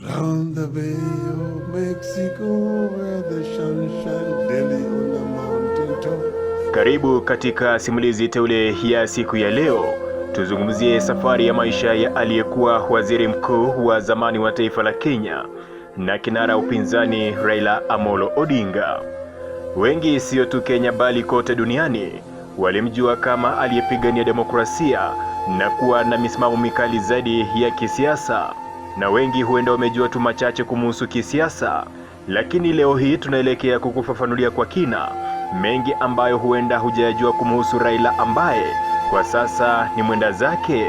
Round the Bay of Mexico, where the daily on the mountain top. Karibu katika simulizi teule ya siku ya leo, tuzungumzie safari ya maisha ya aliyekuwa waziri mkuu wa zamani wa taifa la Kenya na kinara upinzani Raila Amolo Odinga. Wengi sio tu Kenya bali kote duniani walimjua kama aliyepigania demokrasia na kuwa na misimamo mikali zaidi ya kisiasa na wengi huenda wamejua tu machache kumuhusu kisiasa, lakini leo hii tunaelekea kukufafanulia kwa kina mengi ambayo huenda hujayajua kumuhusu Raila ambaye kwa sasa ni mwenda zake.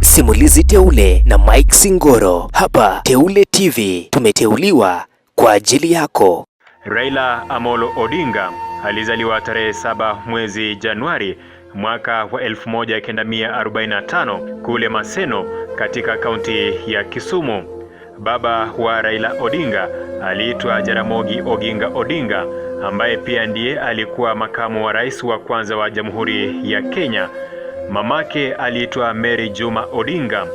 Simulizi teule na Mike Singoro hapa Teule TV, tumeteuliwa kwa ajili yako. Raila Amolo Odinga alizaliwa tarehe 7 mwezi Januari mwaka wa 1945 kule Maseno katika kaunti ya Kisumu. Baba wa Raila Odinga aliitwa Jaramogi Oginga Odinga ambaye pia ndiye alikuwa makamu wa rais wa kwanza wa Jamhuri ya Kenya. Mamake aliitwa Mary Juma Odinga.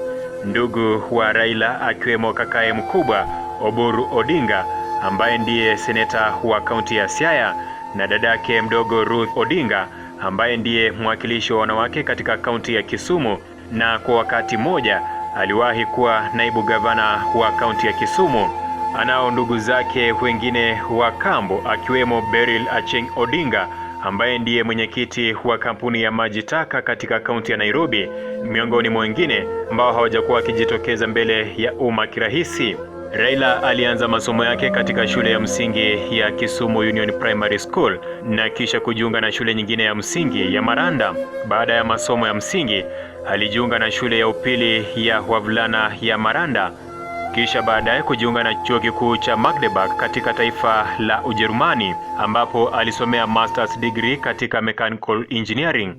Ndugu wa Raila akiwemo kakae mkubwa Oburu Odinga ambaye ndiye seneta wa kaunti ya Siaya na dadake mdogo Ruth Odinga ambaye ndiye mwakilishi wa wanawake katika kaunti ya Kisumu na kwa wakati mmoja aliwahi kuwa naibu gavana wa kaunti ya Kisumu. Anao ndugu zake wengine wa kambo akiwemo Beryl Acheng Odinga ambaye ndiye mwenyekiti wa kampuni ya maji taka katika kaunti ya Nairobi, miongoni mwa wengine ambao hawajakuwa wakijitokeza mbele ya umma kirahisi. Raila alianza masomo yake katika shule ya msingi ya Kisumu Union Primary School na kisha kujiunga na shule nyingine ya msingi ya Maranda. Baada ya masomo ya msingi, alijiunga na shule ya upili ya wavulana ya Maranda, kisha baadaye kujiunga na chuo kikuu cha Magdeburg katika taifa la Ujerumani ambapo alisomea masters degree katika mechanical engineering.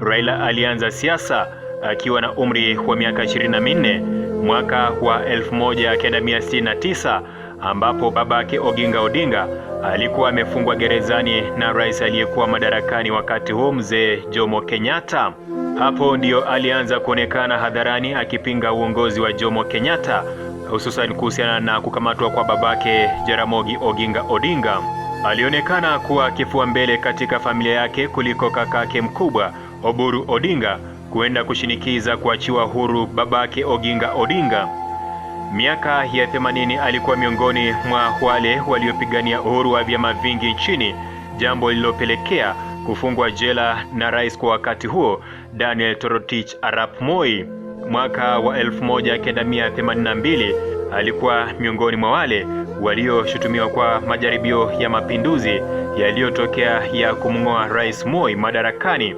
Raila alianza siasa akiwa na umri wa miaka 24 mwaka wa 1969 ambapo babake Oginga Odinga alikuwa amefungwa gerezani na rais aliyekuwa madarakani wakati huo mzee Jomo Kenyatta. Hapo ndiyo alianza kuonekana hadharani akipinga uongozi wa Jomo Kenyatta, hususan kuhusiana na kukamatwa kwa babake Jaramogi Oginga Odinga. Alionekana kuwa kifua mbele katika familia yake kuliko kakake mkubwa Oburu Odinga kwenda kushinikiza kuachiwa huru babake Oginga Odinga. Miaka ya 80 alikuwa miongoni mwa wale waliopigania uhuru wa vyama vingi nchini, jambo lililopelekea kufungwa jela na rais kwa wakati huo Daniel Torotich Arap Moi. Mwaka wa 1982 alikuwa miongoni mwa wale walioshutumiwa kwa majaribio ya mapinduzi yaliyotokea ya kumng'oa Rais Moi madarakani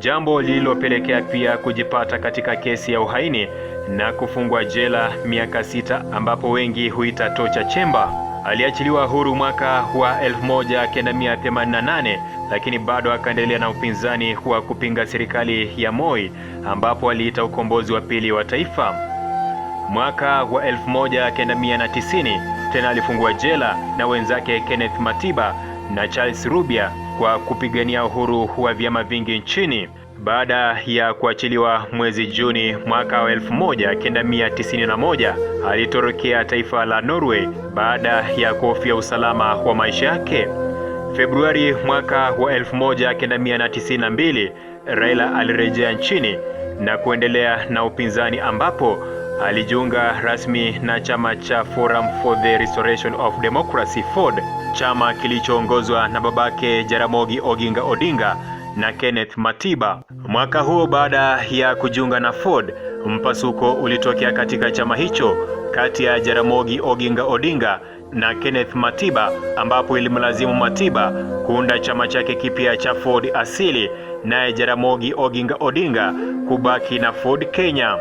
jambo lililopelekea pia kujipata katika kesi ya uhaini na kufungwa jela miaka sita ambapo wengi huita tocha chemba. Aliachiliwa huru mwaka wa 1988 lakini bado akaendelea na upinzani wa kupinga serikali ya Moi ambapo aliita ukombozi wa pili wa taifa. Mwaka wa 1990 tena alifungwa jela na wenzake Kenneth Matiba na Charles Rubia kwa kupigania uhuru wa vyama vingi nchini baada ya kuachiliwa mwezi Juni mwaka wa 1991 alitorokea taifa la Norway baada ya kuhofia usalama wa maisha yake. Februari mwaka wa 1992 Raila alirejea nchini na kuendelea na upinzani ambapo alijiunga rasmi na chama cha Forum for the Restoration of Democracy Ford, chama kilichoongozwa na babake Jaramogi Oginga Odinga na Kenneth Matiba. Mwaka huo baada ya kujiunga na Ford, mpasuko ulitokea katika chama hicho kati ya Jaramogi Oginga Odinga na Kenneth Matiba ambapo ilimlazimu Matiba kuunda chama chake kipya cha Ford Asili, naye Jaramogi Oginga Odinga kubaki na Ford Kenya.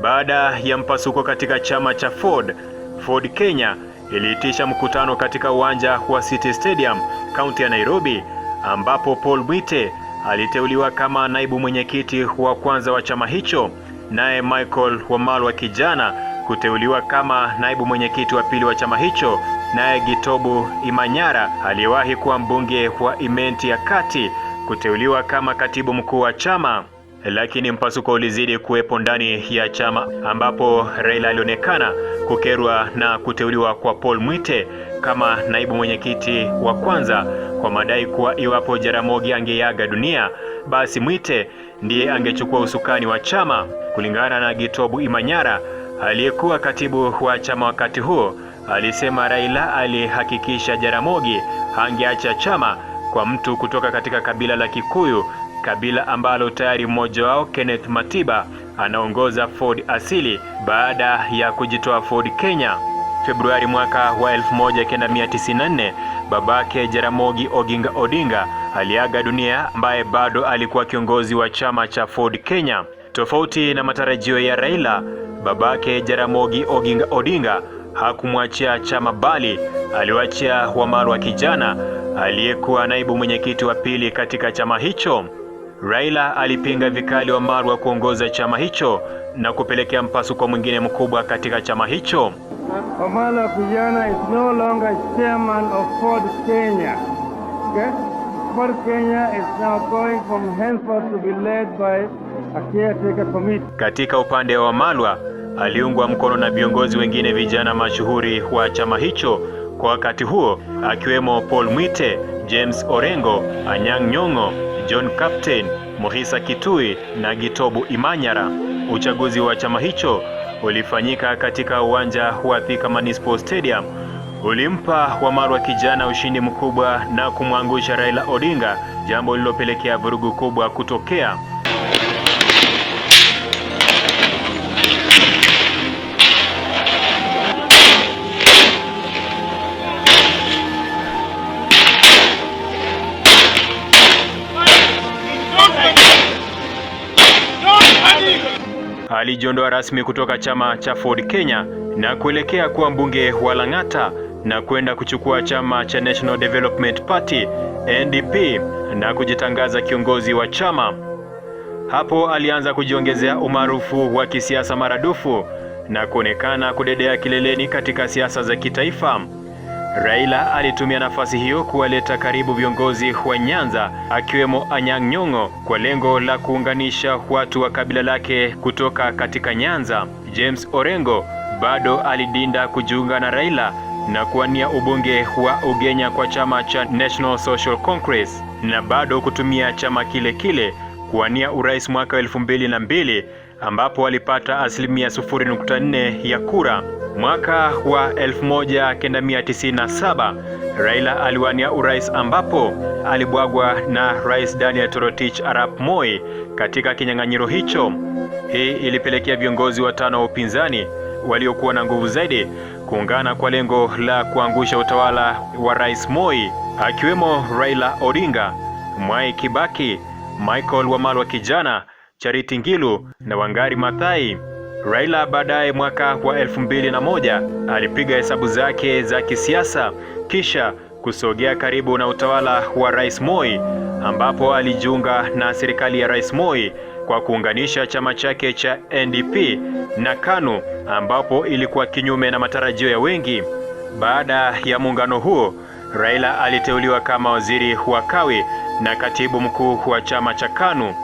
Baada ya mpasuko katika chama cha Ford, Ford Kenya iliitisha mkutano katika uwanja wa City Stadium, kaunti ya Nairobi, ambapo Paul Mwite aliteuliwa kama naibu mwenyekiti wa kwanza wa chama hicho, naye Michael Wamalwa kijana kuteuliwa kama naibu mwenyekiti wa pili wa chama hicho, naye Gitobu Imanyara aliyewahi kuwa mbunge wa Imenti ya Kati kuteuliwa kama katibu mkuu wa chama lakini mpasuko ulizidi kuwepo ndani ya chama ambapo Raila alionekana kukerwa na kuteuliwa kwa Paul Mwite kama naibu mwenyekiti wa kwanza kwa madai kuwa iwapo Jaramogi angeaga dunia basi Mwite ndiye angechukua usukani wa chama. Kulingana na Gitobu Imanyara aliyekuwa katibu wa chama wakati huo, alisema Raila alihakikisha Jaramogi hangeacha chama kwa mtu kutoka katika kabila la Kikuyu kabila ambalo tayari mmoja wao Kenneth Matiba anaongoza Ford Asili baada ya kujitoa Ford Kenya. Februari mwaka wa 1994 babake Jaramogi Oginga Odinga aliaga dunia, ambaye bado alikuwa kiongozi wa chama cha Ford Kenya. Tofauti na matarajio ya Raila, babake Jaramogi Oginga Odinga hakumwachia chama, bali aliwaachia Wamalwa kijana aliyekuwa naibu mwenyekiti wa pili katika chama hicho. Raila alipinga vikali wa wa kuongoza chama hicho na kupelekea mpasuko mwingine mkubwa katika chama hicho. Omolo Kijana is no longer chairman of Ford Kenya. Okay? Ford Kenya is now going from henceforth to be led by a caretaker committee. Katika upande wa malwa aliungwa mkono na viongozi wengine vijana mashuhuri wa chama hicho kwa wakati huo akiwemo Paul Mwite, James Orengo, Anyang' Nyong'o John Captain, Muhisa Kitui na Gitobu Imanyara. Uchaguzi wa chama hicho ulifanyika katika uwanja wa Thika Municipal Stadium, ulimpa Wamarwa kijana ushindi mkubwa na kumwangusha Raila Odinga, jambo lililopelekea vurugu kubwa kutokea. alijiondoa rasmi kutoka chama cha Ford Kenya na kuelekea kuwa mbunge wa Lang'ata na kwenda kuchukua chama cha National Development Party NDP na kujitangaza kiongozi wa chama. Hapo alianza kujiongezea umaarufu wa kisiasa maradufu na kuonekana kudedea kileleni katika siasa za kitaifa. Raila alitumia nafasi hiyo kuwaleta karibu viongozi wa Nyanza akiwemo Anyang' Nyong'o kwa lengo la kuunganisha watu wa kabila lake kutoka katika Nyanza. James Orengo bado alidinda kujiunga na Raila na kuwania ubunge wa Ugenya kwa chama cha National Social Congress na bado kutumia chama kile kile kuwania urais mwaka wa elfu mbili na mbili ambapo alipata asilimia 0.4 ya kura. Mwaka wa 1997 Raila aliwania urais ambapo alibwagwa na Rais Daniel torotich Arap Moi katika kinyang'anyiro hicho. Hii ilipelekea viongozi watano wa upinzani waliokuwa na nguvu zaidi kuungana kwa lengo la kuangusha utawala wa Rais Moi akiwemo Raila Odinga, Mwai Kibaki, Michael Wamalwa Kijana, Charity Ngilu na Wangari Maathai. Raila baadaye mwaka wa elfu mbili na moja alipiga hesabu zake za kisiasa kisha kusogea karibu na utawala wa Rais Moi ambapo alijiunga na serikali ya Rais Moi kwa kuunganisha chama chake cha NDP na KANU ambapo ilikuwa kinyume na matarajio ya wengi. Baada ya muungano huo, Raila aliteuliwa kama waziri wa kawi na katibu mkuu wa chama cha KANU.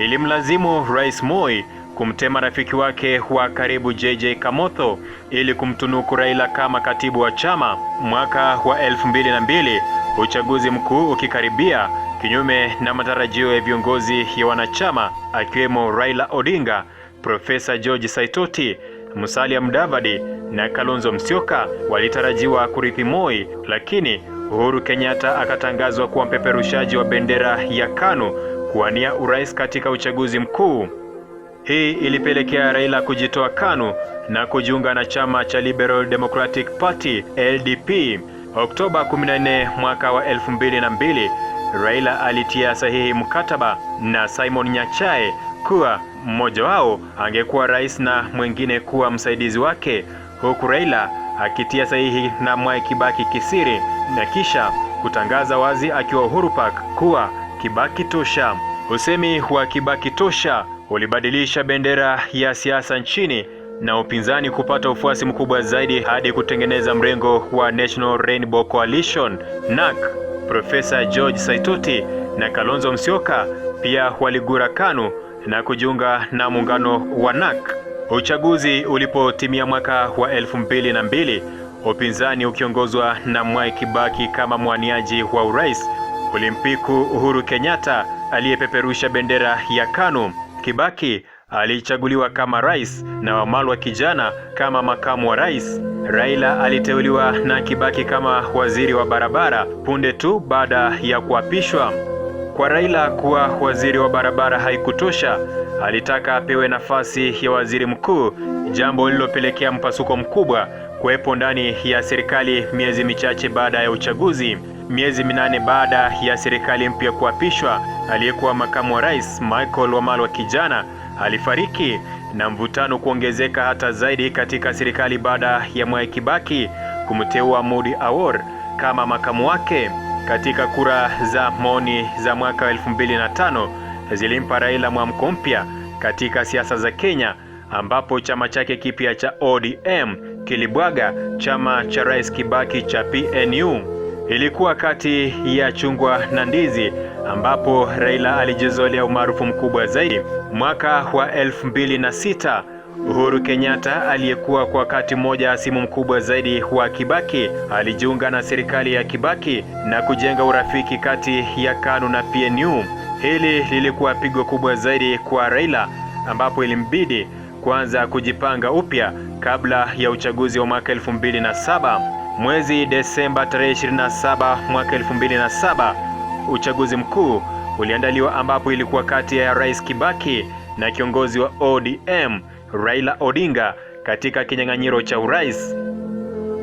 Ilimlazimu Rais Moi kumtema rafiki wake wa karibu JJ Kamotho ili kumtunuku Raila kama katibu wa chama mwaka wa elfu uchaguzi mkuu ukikaribia kinyume na matarajio ya viongozi ya wanachama akiwemo Raila Odinga, Profesa George Saitoti, Musalia Mudavadi na Kalonzo Musyoka walitarajiwa kurithi Moi, lakini Uhuru Kenyatta akatangazwa kuwa mpeperushaji wa bendera ya KANU kuwania urais katika uchaguzi mkuu. Hii ilipelekea Raila kujitoa KANU na kujiunga na chama cha Liberal Democratic Party LDP. Oktoba 14 mwaka wa 2002, Raila alitia sahihi mkataba na Simon Nyachae kuwa mmoja wao angekuwa rais na mwingine kuwa msaidizi wake, huku Raila akitia sahihi na Mwai Kibaki kisiri na kisha kutangaza wazi akiwa Uhuru Park kuwa Kibaki tosha. Usemi wa Kibaki tosha ulibadilisha bendera ya siasa nchini na upinzani kupata ufuasi mkubwa zaidi hadi kutengeneza mrengo wa National Rainbow Coalition NAC. Profesa George Saitoti na Kalonzo Musyoka pia waligura KANU na kujiunga na muungano wa NAC. Uchaguzi ulipotimia mwaka wa elfu mbili na mbili, upinzani ukiongozwa na Mwai Kibaki kama mwaniaji wa urais ulimpiku Uhuru Kenyatta aliyepeperusha bendera ya KANU. Kibaki alichaguliwa kama rais na Wamalwa kijana kama makamu wa rais. Raila aliteuliwa na Kibaki kama waziri wa barabara punde tu baada ya kuapishwa. Kwa Raila kuwa waziri wa barabara haikutosha, alitaka apewe nafasi ya waziri mkuu, jambo lililopelekea mpasuko mkubwa kuwepo ndani ya serikali miezi michache baada ya uchaguzi miezi minane baada ya serikali mpya kuapishwa, aliyekuwa makamu wa rais Michael Wamalwa Kijana alifariki na mvutano kuongezeka hata zaidi katika serikali baada ya Mwai Kibaki kumteua Mudi Awor kama makamu wake. Katika kura za maoni za mwaka 2005 zilimpa Raila mwamko mpya katika siasa za Kenya, ambapo chama chake kipya cha ODM kilibwaga chama cha Rais Kibaki cha PNU. Ilikuwa kati ya chungwa na ndizi ambapo Raila alijizolea umaarufu mkubwa zaidi. Mwaka wa elfu mbili na sita Uhuru Kenyatta aliyekuwa kwa wakati mmoja hasimu mkubwa zaidi wa Kibaki alijiunga na serikali ya Kibaki na kujenga urafiki kati ya KANU na PNU. Hili lilikuwa pigo kubwa zaidi kwa Raila ambapo ilimbidi kuanza kujipanga upya kabla ya uchaguzi wa mwaka 2007. Mwezi Desemba tarehe 27 mwaka 2007, uchaguzi mkuu uliandaliwa ambapo ilikuwa kati ya Rais Kibaki na kiongozi wa ODM Raila Odinga katika kinyang'anyiro cha urais.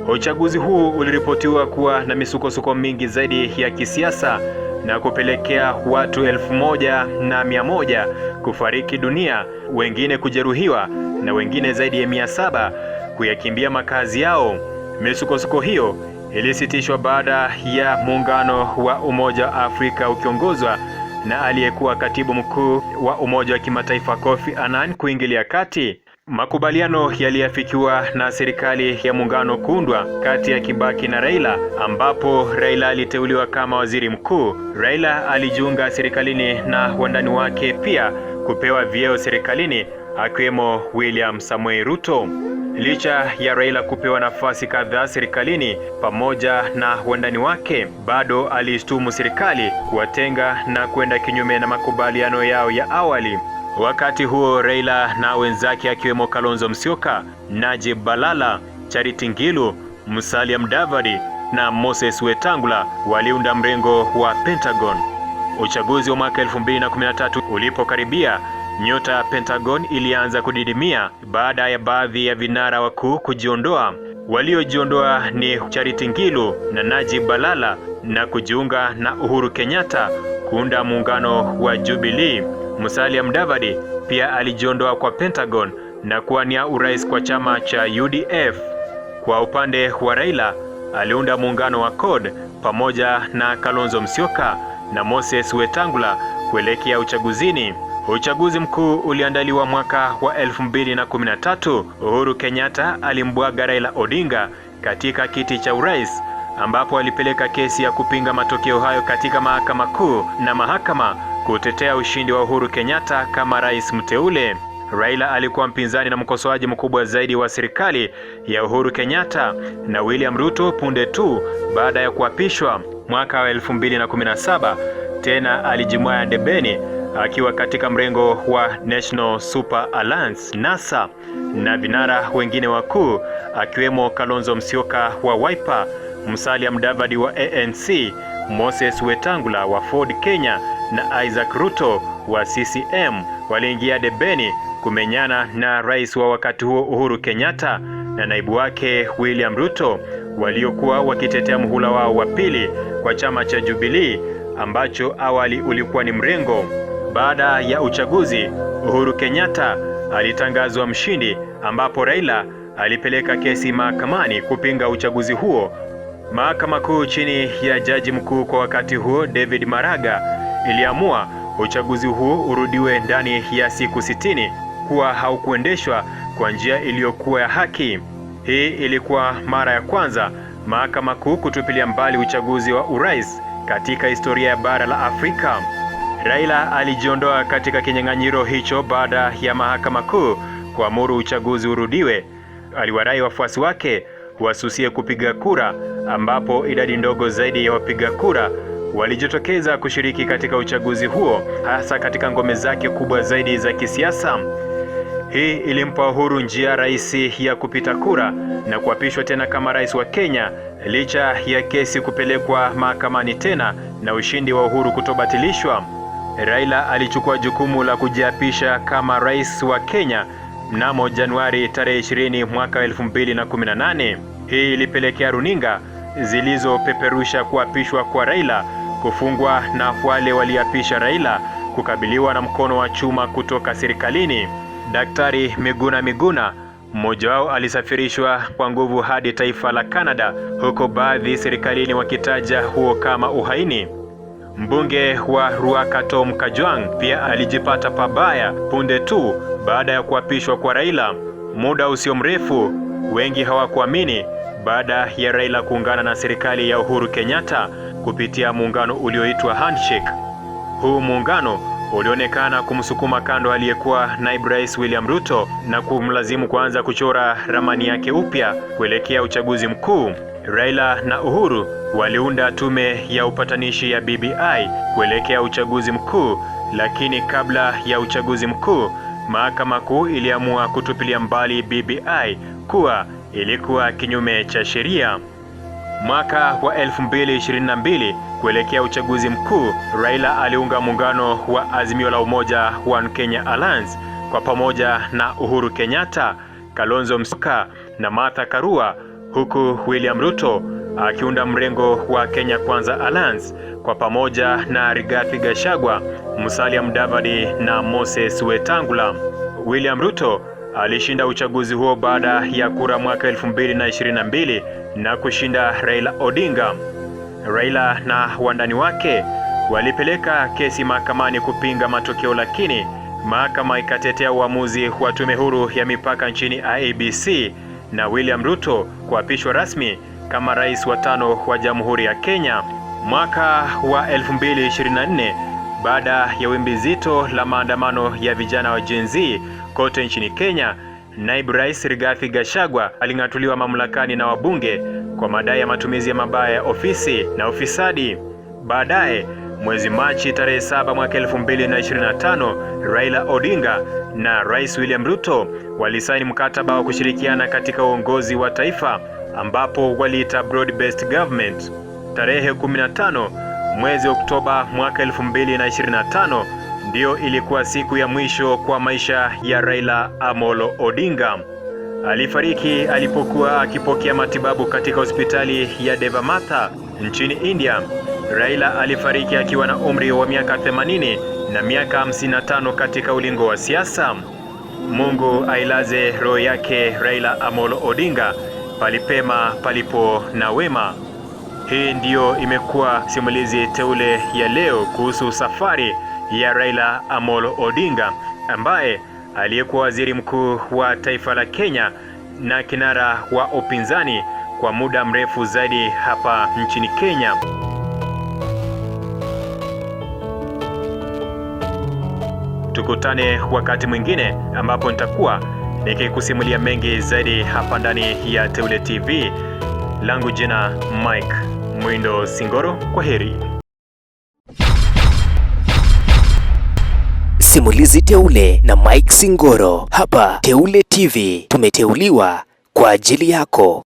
Uchaguzi huu uliripotiwa kuwa na misukosuko mingi zaidi ya kisiasa na kupelekea watu elfu moja na mia moja kufariki dunia, wengine kujeruhiwa na wengine zaidi ya mia saba kuyakimbia makazi yao. Misukosuko hiyo ilisitishwa baada ya muungano wa Umoja wa Afrika ukiongozwa na aliyekuwa katibu mkuu wa Umoja wa Kimataifa Kofi Annan kuingilia kati. Makubaliano yaliyafikiwa na serikali ya muungano kuundwa kati ya Kibaki na Raila, ambapo Raila aliteuliwa kama waziri mkuu. Raila alijiunga serikalini na wandani wake pia kupewa vyeo serikalini akiwemo William Samoei Ruto. Licha ya Raila kupewa nafasi kadhaa serikalini pamoja na wandani wake, bado aliishtumu serikali kuwatenga na kwenda kinyume na makubaliano yao ya awali. Wakati huo Raila na wenzake akiwemo Kalonzo Musyoka, Najib Balala, Charity Ngilu, Musalia Mudavadi na Moses Wetangula waliunda mrengo wa Pentagon. Uchaguzi wa mwaka 2013 ulipokaribia, Nyota ya Pentagon ilianza kudidimia baada ya baadhi ya vinara wakuu kujiondoa. Waliojiondoa ni Charity Ngilu na Najib Balala na kujiunga na Uhuru Kenyatta kuunda muungano wa Jubilee. Musalia Mudavadi pia alijiondoa kwa Pentagon na kuwania urais kwa chama cha UDF. Kwa upande wa Raila aliunda muungano wa CORD pamoja na Kalonzo Musyoka na Moses Wetangula kuelekea uchaguzini. Uchaguzi mkuu uliandaliwa mwaka wa 2013. Uhuru Kenyatta alimbwaga Raila Odinga katika kiti cha urais ambapo alipeleka kesi ya kupinga matokeo hayo katika mahakama kuu na mahakama kutetea ushindi wa Uhuru Kenyatta kama rais mteule. Raila alikuwa mpinzani na mkosoaji mkubwa zaidi wa serikali ya Uhuru Kenyatta na William Ruto punde tu baada ya kuapishwa mwaka wa 2017, tena alijimwaya debeni akiwa katika mrengo wa National Super Alliance NASA na vinara wengine wakuu akiwemo Kalonzo Musyoka wa Wiper, Musalia Mudavadi wa ANC, Moses Wetangula wa Ford Kenya na Isaac Ruto wa CCM waliingia debeni kumenyana na rais wa wakati huo Uhuru Kenyatta na naibu wake William Ruto waliokuwa wakitetea muhula wao wa pili kwa chama cha Jubilee ambacho awali ulikuwa ni mrengo baada ya uchaguzi, Uhuru Kenyatta alitangazwa mshindi, ambapo Raila alipeleka kesi mahakamani kupinga uchaguzi huo. Mahakama Kuu chini ya jaji mkuu kwa wakati huo David Maraga iliamua uchaguzi huo urudiwe ndani ya siku sitini kuwa haukuendeshwa kwa njia iliyokuwa ya haki. Hii ilikuwa mara ya kwanza Mahakama Kuu kutupilia mbali uchaguzi wa urais katika historia ya bara la Afrika. Raila alijiondoa katika kinyang'anyiro hicho baada ya mahakama kuu kuamuru uchaguzi urudiwe. Aliwarai wafuasi wake wasusie kupiga kura, ambapo idadi ndogo zaidi ya wapiga kura walijitokeza kushiriki katika uchaguzi huo, hasa katika ngome zake kubwa zaidi za kisiasa. Hii ilimpa Uhuru njia rais ya kupita kura na kuapishwa tena kama rais wa Kenya licha ya kesi kupelekwa mahakamani tena na ushindi wa Uhuru kutobatilishwa. Raila alichukua jukumu la kujiapisha kama rais wa Kenya mnamo Januari tarehe 20 mwaka 2018. Hii ilipelekea runinga zilizopeperusha kuapishwa kwa Raila kufungwa na wale waliapisha Raila kukabiliwa na mkono wa chuma kutoka serikalini. Daktari Miguna Miguna mmoja wao alisafirishwa kwa nguvu hadi taifa la Kanada, huko baadhi serikalini wakitaja huo kama uhaini. Mbunge wa Ruaka Tom Kajwang' pia alijipata pabaya punde tu baada ya kuapishwa kwa Raila. Muda usio mrefu, wengi hawakuamini baada ya Raila kuungana na serikali ya Uhuru Kenyatta kupitia muungano ulioitwa handshake. Huu muungano ulionekana kumsukuma kando aliyekuwa naibu rais William Ruto na kumlazimu kuanza kuchora ramani yake upya kuelekea uchaguzi mkuu. Raila na Uhuru waliunda tume ya upatanishi ya BBI kuelekea uchaguzi mkuu, lakini kabla ya uchaguzi mkuu, mahakama kuu iliamua kutupilia mbali BBI kuwa ilikuwa kinyume cha sheria. Mwaka wa 2022 kuelekea uchaguzi mkuu, Raila aliunga muungano wa Azimio la Umoja One Kenya Alliance kwa pamoja na Uhuru Kenyatta, Kalonzo Musyoka na Martha Karua huku William Ruto akiunda mrengo wa Kenya Kwanza Alliance kwa pamoja na Rigathi Gachagua, Musalia Mudavadi na Moses Wetangula. William Ruto alishinda uchaguzi huo baada ya kura mwaka 2022 na kushinda Raila Odinga. Raila na wandani wake walipeleka kesi mahakamani kupinga matokeo, lakini mahakama ikatetea uamuzi wa tume huru ya mipaka nchini IEBC na William Ruto kuapishwa rasmi kama rais wa tano wa Jamhuri ya Kenya mwaka wa 2024 baada ya wimbi zito la maandamano ya vijana wa Gen Z kote nchini Kenya. Naibu Rais Rigathi Gachagua aling'atuliwa mamlakani na wabunge kwa madai ya matumizi ya mabaya ya ofisi na ufisadi. Baadaye mwezi Machi tarehe 7 mwaka 2025, Raila Odinga na Rais William Ruto walisaini mkataba wa kushirikiana katika uongozi wa taifa ambapo waliita Broad Based Government. Tarehe 15 mwezi Oktoba mwaka 2025 ndiyo ilikuwa siku ya mwisho kwa maisha ya Raila Amolo Odinga. Alifariki alipokuwa akipokea matibabu katika hospitali ya Devamatha nchini India. Raila alifariki akiwa na umri wa miaka 80 na miaka 55 katika ulingo wa siasa. Mungu ailaze roho yake Raila Amolo Odinga palipema palipo na wema. Hii ndiyo imekuwa simulizi teule ya leo kuhusu safari ya Raila Amolo Odinga ambaye aliyekuwa waziri mkuu wa taifa la Kenya na kinara wa upinzani kwa muda mrefu zaidi hapa nchini Kenya. tukutane wakati mwingine ambapo nitakuwa nikikusimulia mengi zaidi hapa ndani ya Teule TV. Langu jina Mike Mwindo Singoro, kwa heri. Simulizi Teule na Mike Singoro hapa Teule TV, tumeteuliwa kwa ajili yako.